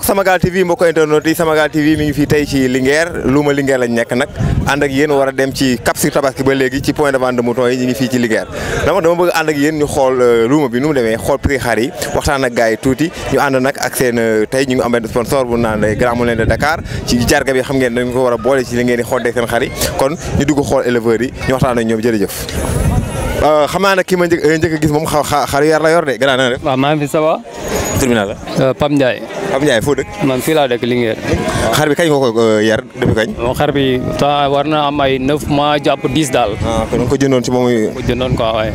sama Samagal TV mbokk internet yi Samagal TV mi ngi fii tey ci Linguère luuma Linguère lañ nekk nag ànd ak yéen war a dem ci Cap Tabaski ba léegi ci point de vente de mouton yi ñu ngi fii ci Linguère dama dama bëgg ànd ak yéen ñu xool euh, luuma bi nu mu demee xool prix xar yi waxtaan ak gars tuuti ñu ànd nag ak seen euh, tey ñu ngi am benn sponsor bu naan Grand Moulin de Dakar ci jarga bi xam ngeen dañ ko war boole ci li ngeen di xoddee seen xar yi kon ñu dugg xool éleveurs yi ñu waxtaan ak ñoom jërëjëf Eh, xamana ki ma një eh, gis mom xar yar la yor de gannaaw na nga def. wa? fi sa wa terminal la. Euh, Pam Ndiaye. Pam Ndiaye fo dekk man la dekk li ngeer xar bi kañ ko euh, yar depuis kañ. xar bi ta warna am ay 9 mois japp 10 dal ah kon ko jëndon ci momuy ko jëndon ko way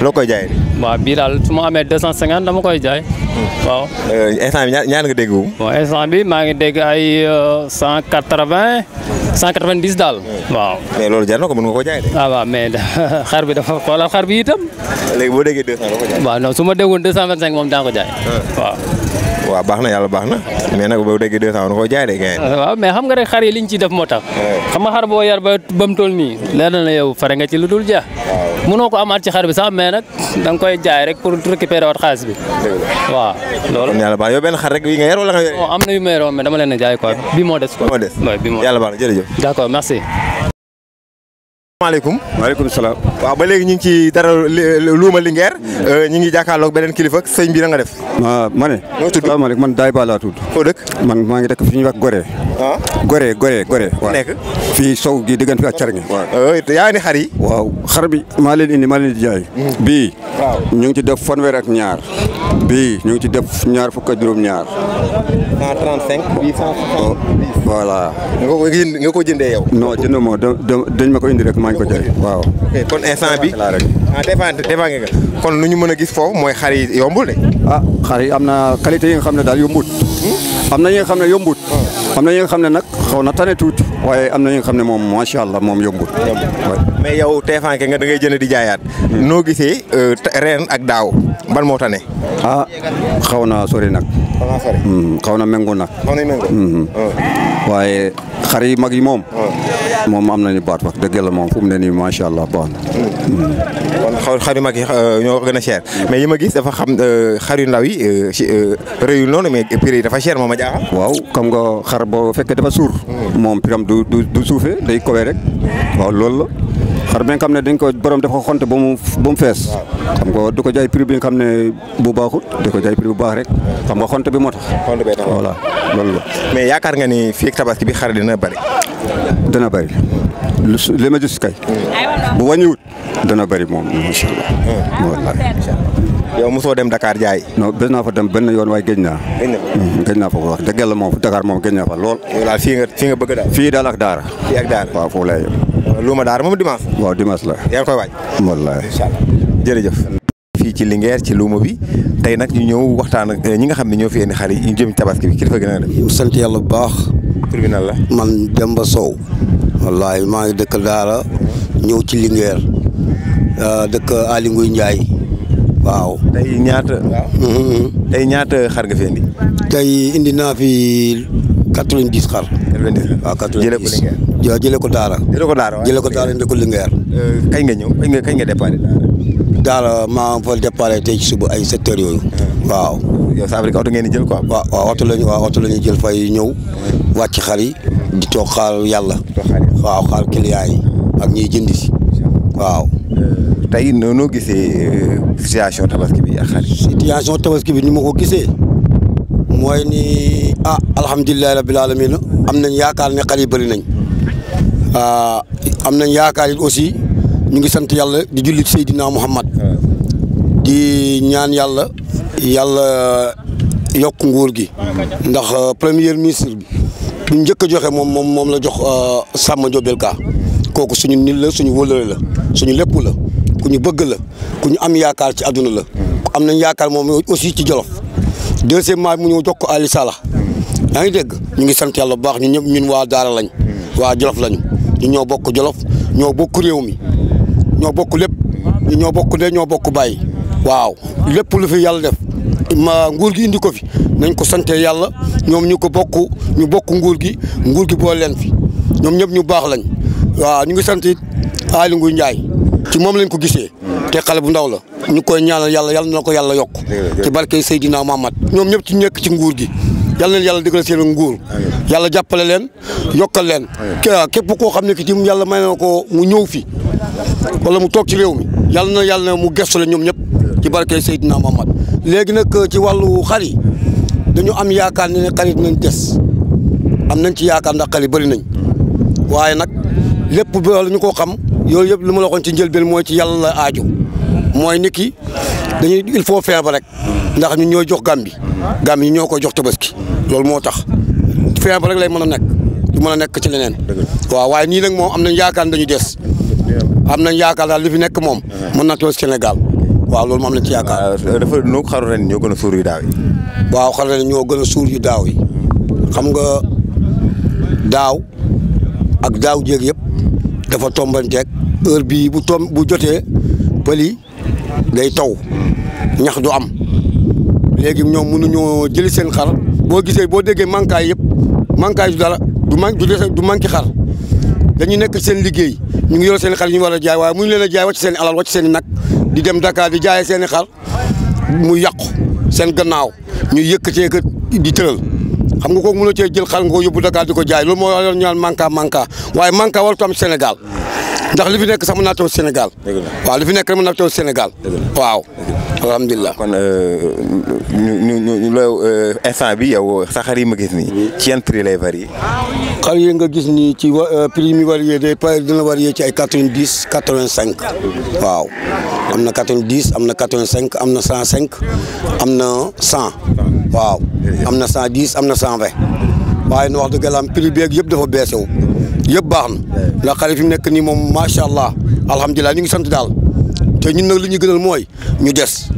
lo koy jaay wa bi dal suma amé 250 dama koy jaay. Hmm. Euh, waaw. instant bi ñaan nga dégg wu. instant bi ma ngi dégg ay 180 190 daal waaw. mais loolu jar na ko mën nga koo jaay de. ah waaw mais xar bi dafa xoolal xar bi itam. léegi boo déggee 200 la ko jaay. waaw non ma déggoon 225 moom daa ah. ah, xam nga rek xar yi liñ ciy def moo tax. xam xar boo yar ba ba mu toll na la fare nga ci lu dul jeex. waaw mënoo ko amaat ci xar bi sax mais nag koy jaay rek pour récupérer waat xaalis bi. waaw loolu. kon baax yow benn xar rek bii nga yar wala nga yar. am na yu may yoroon mais dama leen a jaay quoi bi moo D'accord, merci. maaleykum maaleykum salaam waaw ba léegi ñu ngi ci dara ma lingeer mm. euh, ñu ngi jàkkaarloog beneen kilifa sëñ bi na nga def ma ne noo tudd salaamaaleykum man Daay Ba laa tudd foo dëkk man maa ngi dëkk fi ñu wax ah. Gorée Gorée Gorée Gorée fii sow gi diggante fi ak carngi euh, yaa ni xar yi waaw xar bi maa leen indi maa leen di jaay mm. bii ñu ngi ci def fanweer ak ñaar bii ñu ngi ci def ñaar fukk ak juróom ñaar 135 nga ko jëndee yow maa ngi ko jëlee waaw. kon instant bi ah défendre défendre nga kon lu ñu mën a gis foofu mooy xar yombul ah xar yi am na qualité yi nga xam am na ñi xam ne nag xaw na tane tuuti waaye am na ñi nga xam ne moom macha allah moom yombul. mais yow teefaan ke nga da ngay jënd di jaayaat. noo gisee euh, ren ak daaw ban moo tane. ah xaw na sori nag. xaw naa hmm, xaw na méngoo nag. na méngoo. Hmm, hmm. Oh. waaye xar yi mag yi moom. Oh. moom am nañu baat wax dëgg moom fu mu ne nii macha allah baax na. kon xar yu mag yi euh, ñoo mais yi ma gis dafa xam euh, xar yu ndaw yi réyu noonu mais prix yi dafa cher moom a jaaxal. waaw xam xar xar boo fekkee dafa suur. Hmm. moom piram du du du suufee day kowee rek waaw loolu la. xar bi nga xam ne dañ ko borom dafa xonte ba mu ba mu fees xam nga du ko jaay prix bi nga xam ne bu baaxut di ko jaay piri bu baax rek xam nga xonte bi moo tax voilà loolu la mais yaakaar nga ni fii ak tabaski bi xar dana bari dana bari li ma gis kay hmm. bu wàññiwut dana bari moom incha allah hmm. yow mosoo dem Dakar jaay. no bés naa fa dem benn yoon waaye géej naa. géej na fa hmm, géej wax dëgg yàlla moom Dakar moom géej naa fa lool. yow daal bëgg daal. fii daal ak Daara. fii ak Daara waaw luuma Daara moom dimanche. waaw dimanche la. yaa ngi koy waaj. wallaahi incha allah jërëjëf. fii ci Linguère ci luuma bi tey nag ñu ñëw waxtaan ak eh, ñi nga xam ne ñëw fi indi xar yi ñu jëm tabaski bi ci dafa gën a def. sant yàlla bu baax. tur bi nan la. man Demba Sow. wallaahi maa ngi dëkk Daara ñëw ci Linguère ah, dëkk Aly Ngouille Ndiaye waaw tey ñaata. Mm-hmm. tey ñaata xar nga fi indi. naa fi quatre-vingt-dix xar. quatre-vingt-dix waaw quatre-vingt-dix jëlee ko ko Daara. jëlee ko Daara jëlee ko Daara indi ko Linguère. Euh, kañ nga ñëw kañ nga kañ nga déparé Daara. Daara maa fa déparé tey ci suba ay sept heures yooyu. Euh. waaw. yow ça veut dire que oto ngeen di jël quoi. waaw waaw oto lañu waaw oto lañu jël fay ñëw. wàcc xar yi. di toog xaar yàlla. waaw xaar yi. ak ñiy jënd waaw. Euh, tey noonu gisee euh, situation tabaski bi situation tabaski bi ni ma ko gisee mooy ni ah alhamdulilah rabil alamin am nañ yaakaar ne xar yi bëri nañ ah, am nañ yaakaar it aussi ñu ngi sant yàlla di julli Seydina Muhammad di ñaan yàlla yàlla yokk nguur gi ndax euh, premier ministre bi bu njëkk a joxe moom moom moom la jox Samba Ndiobène Ka kooku suñu nit la suñu wëlëre la. ñu lépp la ku ñu bëgg la ku ñu am yaakaar ci àdduna la am nañ yaakaar moom aussi ci Jolof deuxièmement mu ñëw jox ko Ali Salah yaa ngi dégg ñu ngi sant yàlla bu baax ñu ñëpp ñun waa Daara lañ waa Jolof lañu ñu ñoo bokk Jolof ñoo bokk réew mi ñoo bokk lépp ñu ñoo bokk de ñoo bokk baay waaw lépp lu fi yàlla def ma nguur gi indi ko fi nañ ko sante yàlla ñoom ñu ko bokk ñu bokk nguur gi nguur gi boole leen fi ñoom ñëpp ñu baax lañ waaw ñu ngi sant Aly Ngouille njaay ci moom lañ ko gisee te xale bu ndaw la ñu koy ñaanal yàlla yàlla na ko yàlla yokk ci barke Seydina Muhammad ñoom ñëpp ci nekk ci nguur gi yàlla na yàlla dëggal seen nguur yàlla jàppale leen yokkal leen képp koo xam ne ki ci yàlla may na ko mu ñëw fi wala mu toog ci réew mi yàlla na yàlla na mu gestu ñoom ñëpp ci barke Seydina Muhammad léegi nag euh, ci wàllu xar dañu am yaakaar ne xar yi tes am nañ ci yaakaar ndax xar yi bëri nañ waaye nag lépp loolu ñu ko xam yooyu yëpp lu ma la waxoon ci njëlbeen mooy ci yàlla la aaju mooy nit ki dañuy il faut faire rek ndax ñu ñooy jox Gàmbi Gàmbi ñoo koy jox Tabaski loolu moo tax faire rek lay mën a nekk du mën a nekk ci leneen. waaw waaye nii nag moom am nañ yaakaar dañu des am nañ yaakaar daal li fi nekk moom mën na toll senegal waaw loolu moom am nañ ci yaakaar. dafa noo xaru ren ñoo gën a suur yu daaw waaw xaru ren gën a suur yu daaw yi xam nga daaw ak daaw jéeg yëpp dafa tombanteeg heure bii bu toom bu jotee pëli day taw ñax du am léegi ñoom mënuñoo jëli seen xar boo gisee boo déggee mankaay yëpp mankaay du dara du man du du manqué xar dañu nekk seen liggéey ñu ngi yor seen xar ñu war a jaay waaye mënuñu leen a jaay wàcc seen alal wàcc seen nag di dem Dakar di jaayee seen i xar mu yàqu seen gannaaw ñu yëkkatee di tëral. xam nga kooku mënoo cee jël xar nga ko yóbbu Dakar di ko jaay loolu moo yoon ñaan manka manka waaye manka warut am Sénégal ndax li fi nekk sax mën naa taw Sénégal waaw li fi nekk mën naa taw Sénégal waaw alhamdulilah kon euh, ñu ñu ñu loolu euh, instant bi yow sa xar yi ma gis nii ci yan prix lay varié xar yi nga gis nii ci euh, prix mi varié day pa dina varié ci ay quatre-vingt-dix quatre-vingt-cinq waaw am na quatre-vingt-dix am na quatre-vingt-cinq am na cent cinq am na cent waaw am na cent dix am na san vingt waaye nu wax dëgg yàlla beeg yëpp dafa beesew yëpp baax na ndax xale fi mu nekk nii moom macha allah alhamdulilah ñu ngi sant daal te ñun na li ñu gënal mooy ñu des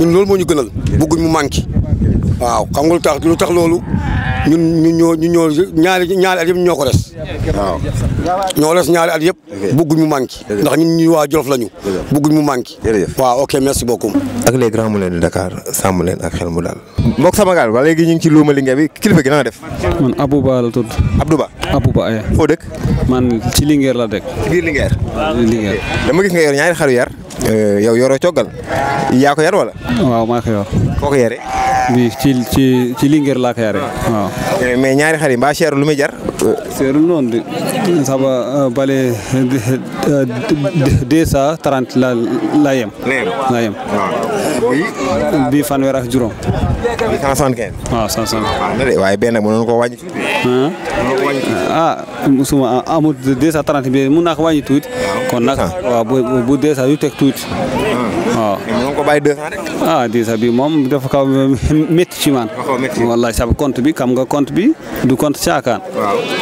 ñun loolu moo ñu gënal bëgguñ mu manqué waaw xam nga lu tax lu tax loolu ñun ñu ñoo ñu ñoo ñaari ñaari at yëpp ñoo ko des. waaw ñoo des ñaari at yëpp. bëgguñ mu manqué. ndax ñun ñuy waa Jolof lañu. bëgguñ mu manqué. waaw ok merci beaucoup. ak les grands leen de Dakar sàmm leen ak xel mu daal. mbokk sama gaal ba léegi ñu ngi ci luuma Linguère bi kilifa gi na def. man Abou Ba la tudd. Ba. Abou Ba aywa. foo dëkk. man ci Linguère la dëkk. ci biir Linguère. Linguère. dama gis nga yor ñaari xaru yar. Euh, yow yoro coggal. yaa ko yar wala. waaw maa ko yor. foo ko yaree. bi ci ci ci Linguère laa ko yaree ah. ah. eh, waaw. mais ñaari xar yi mbaa seerul lu muy jar. seerul noonu ah, de saba bale deux cent la yem. la yem waaw. bii fanweer ak juróom. ah suma ah, amul deux cent trente bi mun naa ko wàññi tuuti. kon nag waaw bu bu deux cent yu tuuti. Hmm. waaw moom ko ah deux cent bi moom def kaw métti ci man. sab compte bi xam nga compte bi du compte caakaan.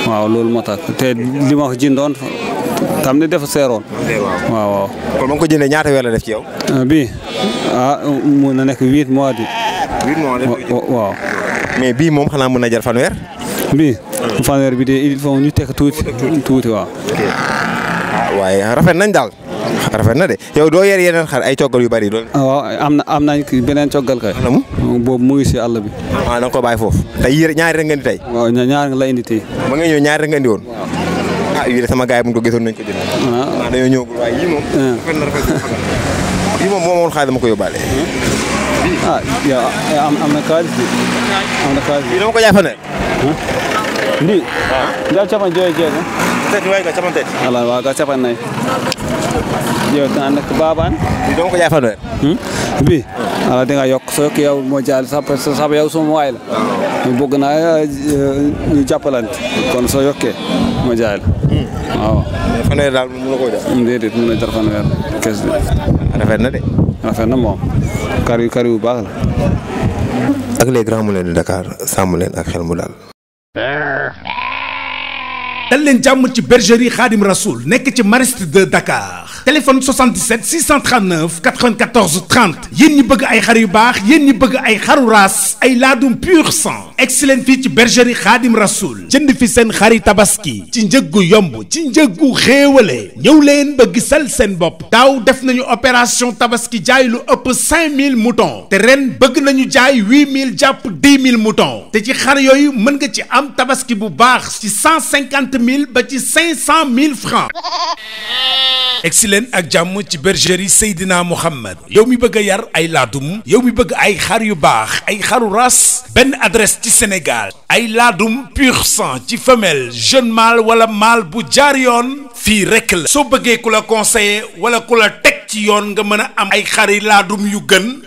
waaw loolu moo tax te li ma ko jëndoon tam ne dafa seeroon. waaw waaw. kon ma ko jëndee ñaata weer la ci yow. Ah, bi ah mois di. mais bii moom xanaa mën na jar fanweer. bii. fanweer bi de il faut ñu teg tuuti tuuti waaw. Ah, waaye rafet nañ daal. rafet na de yow doo yer yeneen xar ay coggal yu bari doon. Ah, waaw am na am nañ beneen coggal kay. mu si àll bi. waaw ah, ko bàyyi foofu. tey yéen ñaar la indi tey. ba nga ñëw ñaari rek nga indi woon. ah gisoon nañ ko jënd. waaw dañoo ñëwagul waaye yii moom. rafet na rafet am na xaalis bi am na ko jaay fanweer. ndi ngal capan joyi jeegom tati way ga capan tati capan nayyi ƴeew tan annda ko baaba an ɗon ko yafano en mbi ala denga hmm? yokka so yokki yaw mo jaali saabu yaw somo wayla mi boggana ñu jappalante kono so yokke mo jaali hmm. daal muna ko jaal déedéet muna jar fanweer kesde rafet na de rafet na moom kari kari bu baax la ak les grands moulins Dakar sàmm leen ak xel mu daal Brr. dal leen ci bergerie Khadim Rasoul nek ci mariste de Dakar téléphone 77 639 94 30 yéen ñi bëgg ay xar yu baax yéen ñi bëgg ay xaru ras, ay ladum pur sang excellent fi ci bergerie Khadim Rasoul jënd fi seen xari tabaski ci njëggu yomb ci njëggu xéewale Ñew leen ba gisal seen bop. Taw def nañu opération tabaski jaay lu ëpp 5000 moutons te ren bëgg nañu jaay 8000 japp 10000 moutons te ci xar yoyu mën nga ci am tabaski bu baax ci 150 mille bâtis 500 mille francs excellent à ak bergerie Seydina Mohamed mi bëgg yar ay mi ben adresse du Sénégal ay pur sang ci femelle jeune mâle wala mâle bu jaar yoon rek la soo bëggee la la ci yoon nga mën am ay yu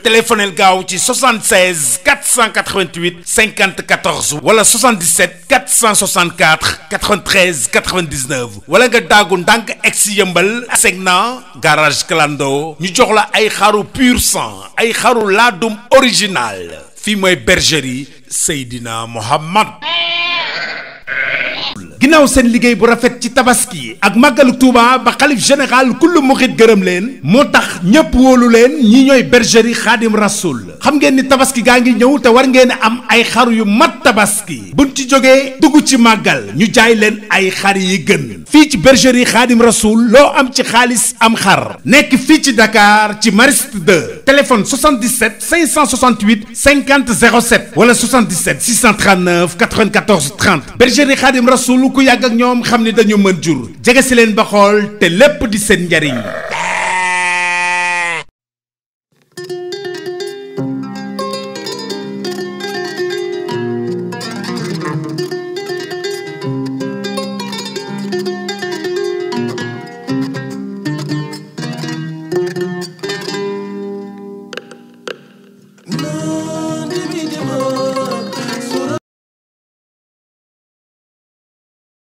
téléphonel gaaw ci 76 488 54 wala 77 464 93 99 wala nga daagu ndànk ex segna garage clando ñu jox la ay xaru pur sang ay xaru original fii mooy bergerie Seydina Mohamed. ginnaaw seen liggéey bu rafet ci tabaski ak màggalu Touba ba xalif général kullu muxit gërëm leen moo tax ñëpp woolu leen ñi ñooy bergerie xaadim rasul xam ngeen ni tabaski gaa ngi ñëw te war ngeen am ay xar yu mat tabaski buñ ci jógee dugg ci màggal ñu jaay leen ay xar yi gën fii ci bergerie xaadim rasul loo am ci xaalis am xar nekk fii ci Dakar ci Mariste 2 téléphone 77 568 50 07 wala 77 639 94 30 bergerie xaadim rasul. ku yàgg ak ñoom xam ne dañu mën jur jege si leen ba xool te lépp di seen njariñ